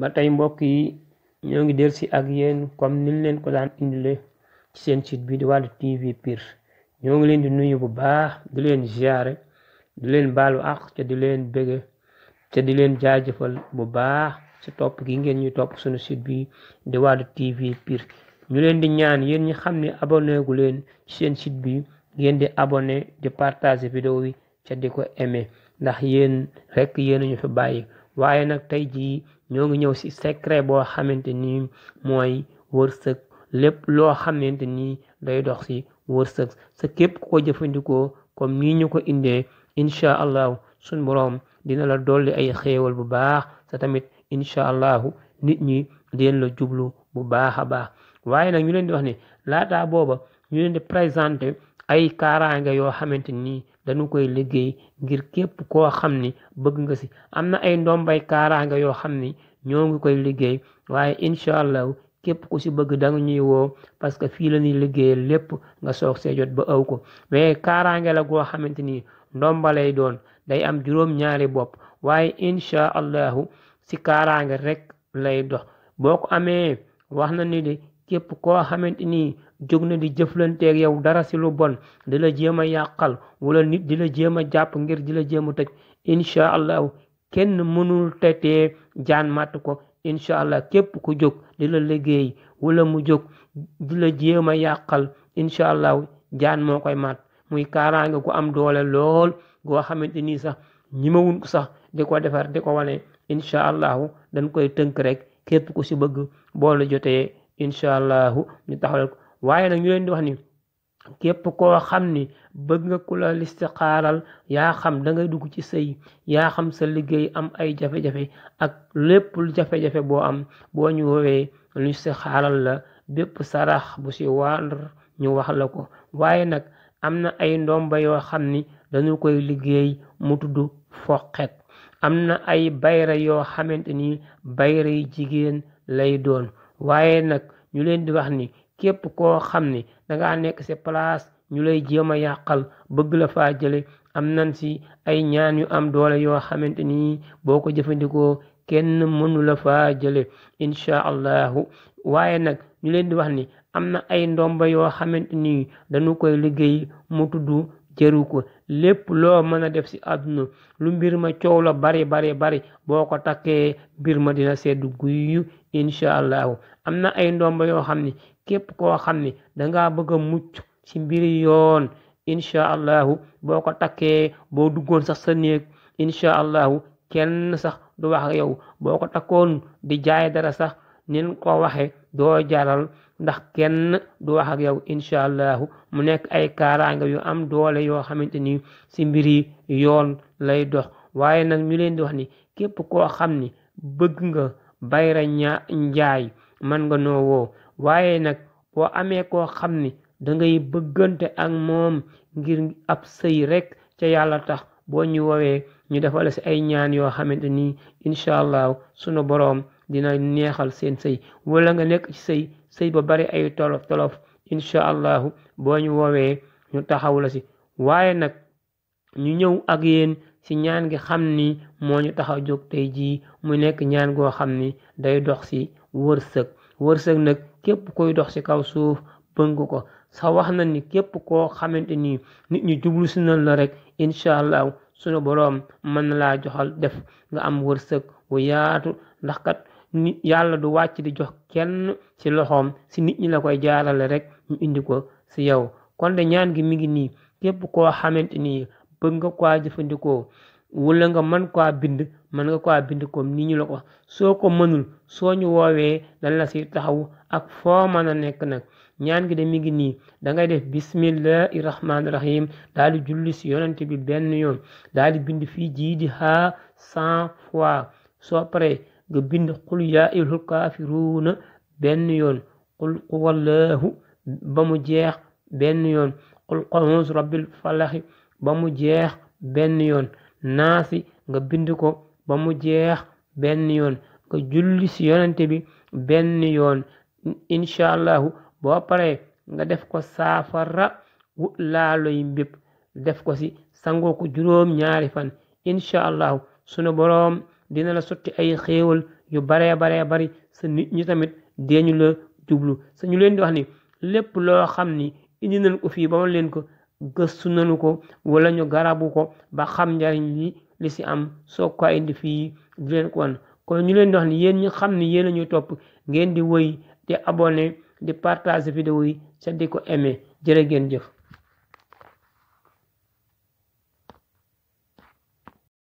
ba tey mbokk yi ñoo ngi dellu si ak yéen comme niñ leen ko daan indile ci seen site bi di Waarwi TV piir ñoo ngi leen di nuyu bu baax di leen ziare du leen baalu àq te di leen bëgge te di leen jaajëfal bu baax ci topp gi ngeen ñu topp suñu site bi di Waarwi TV piir ñu leen di ñaan yéen ñi xam ne abonné gu leen ci seen site bi ngeen di abonné di partager vidéo yi te di ko aimé ndax yéen rekk yéen ñu fi bàyyi waaye nag tey jii ñoo ngi ñëw si secret boo xamante ni mooy wërsëg lépp loo xamante ni day dox ci wërsëg sa képp ku ko jëfandikoo comme nii ñu ko indee incha allahu suñ boroom dina la dole ay xéewal bu baax sa tamit incha allahu nit ñi deen la jublu bu baax a baax waaye nag ñu leen di wax ni laataa booba ñu leen di présenté ay kaaraange yoo xamante nii dañu koy liggéey ngir képp koo xam ni bëgg nga si am na ay ndombay kaaraange yoo xam ni ñoo ngi koy liggéey waaye incha allah képp ku si bëgg danga ñuy woo parce que fii la ñuy liggéey lépp nga soog see jot ba aw ko mais kaaraange la goo xamante ni ndomba lay doon day am juróom-ñaari bopp waaye incha allahu si kaaraange rek lay dox boo ko amee wax na ni de képp koo xamante ni jóg na di jëflanteeg yow dara si bon di la jéem a yàqal wala nit di la jéem a jàpp ngir di la jéem a tëj incha allahu kenn mënul tetee jaan màtt ko incha allah képp ku jóg di la liggéey wala mu jóg di la jéem a yàqal incha allahu jaan moo koy màtt muy kaaraange ku am doole lool goo xamante ni sax ñi wun ko sax di ko defar di ko wane incha allahu dañ koy tënk rek képp ku si bëgg boolu jotee incha allahu ñu taxawal ko waaye nag ñu leen di wax ni képp koo xam ni bëgg nga ku la listixaaral yaa xam dangay dugg ci say yaa xam sa liggéey am ay jafe-jafe ak lépp lu jafe-jafe boo am boo ñu woowee listixaaral la bépp sarax bu si war ñu wax la ko waaye nag am na ay ndomba yoo xam ni dañu koy liggéey mu tudd foqet am na ay bayra yoo xamante ni bayra yi jigéen lay doon waaye nag ñu leen di wax ni képp koo xam ni dangaa nekk se place ñu lay jéem a yàqal bëgg la fa jële am nan si ay ñaan yu am doole yoo xamante ni boo ko jëfandikoo kenn mënu la faa jële incha allahu waaye nag ñu leen di wax ni am na ay ndomba yoo xam ni dañu koy liggéey mu tudd jëru ko lépp loo mën a def ci àdduna lu mbir ma coow la bari bari bari boo ko takkee mbir ma dina sedd guyu incha allahu am na ay ndomba yoo xam ni képp koo xam ni danga bëgg mucc ci mbiri yoon incha allahu boo ko takkee boo duggoon sax sa néeg incha allahu kenn sax du wax yow boo ko takkoon di jaay dara sax nin ko waxe doo jaral ndax kenn du wax ak yow incha allahu mu nekk ay kaaraanga yu am doole yoo xamante ni si mbiri yoon lay dox waaye nag ñu leen di wax ni képp koo xam ni bëgg nga bayra ñaa njaay mën nga noowoo waaye nag boo amee koo xam ni dangay bëggante ak moom ngir ab sëy rek ca yàlla tax boo ñu woowee ñu defal si ay ñaan yoo xamante ni incha allahu sunu boroom dina neexal seen sëy wala nga nekk ci sëy sëy ba bari ay tolof tolof incha allahu boo ñu woowee ñu taxaw la si waaye nag ñu ñëw ak yéen ci ñaan gi xam ni moo ñu taxaw a jóg tey jii mu nekk ñaan goo xam ni day dox si wërsëg wërsëg nag képp koy dox ci kaw suuf bëng ko sa wax na ni képp koo xamante ni nit ñu jublu si nañ la rek incha allah sunu borom mën na laa joxal def nga am wërsëg wu yaatu ndax kat nit yàlla du wàcc di jox kenn ci loxoom si nit ñi la koy jaarale rek indi ko si yow kon de ñaan gi mi ngi nii képp koo xamante ni bëgg nga ko jëfandikoo wala nga mën ko bind mën nga ko bind comme ni ñu la ko soo ko mënul soo ñu woowee dañ la si taxaw ak foo mën a nekk nag ñaan gi de mi ngi nii da ngay def bismillahi rahmaani rahim daal di julli si yonent bi benn yoon daal di bind fii jii di xaa cent fois soo paree nga bind qul yaa ayyuhal kaafiruuna benn yoon qul huwallaahu ba mu jeex benn yoon qul auusu rabbil ba mu jeex benn yoon naasi nga bind ko ba mu jeex benn yoon nga julli si yonante bi benn yoon incha allahu ba paree nga def ko saafara wu laaloy mbépp def ko si sangoo ko juróom ñaari fan incha allahu sunu boroom dina la sotti ay xéewal yu baree baree bari sa nit ñi tamit deeñu la jublu sa ñu leen di wax ni lépp loo xam ni indi nañ ko fii ba ma leen ko gëstu nañu ko wala ñu garabu ko ba xam njariñ li li si am soo ko indi fii di leen ko wan kon ñu leen di wax ni yéen ñu xam ni yéen a ñuy topp ngeen di woy di abonne di partage vidéo yi ca di ko aimé jërë ngeen jëf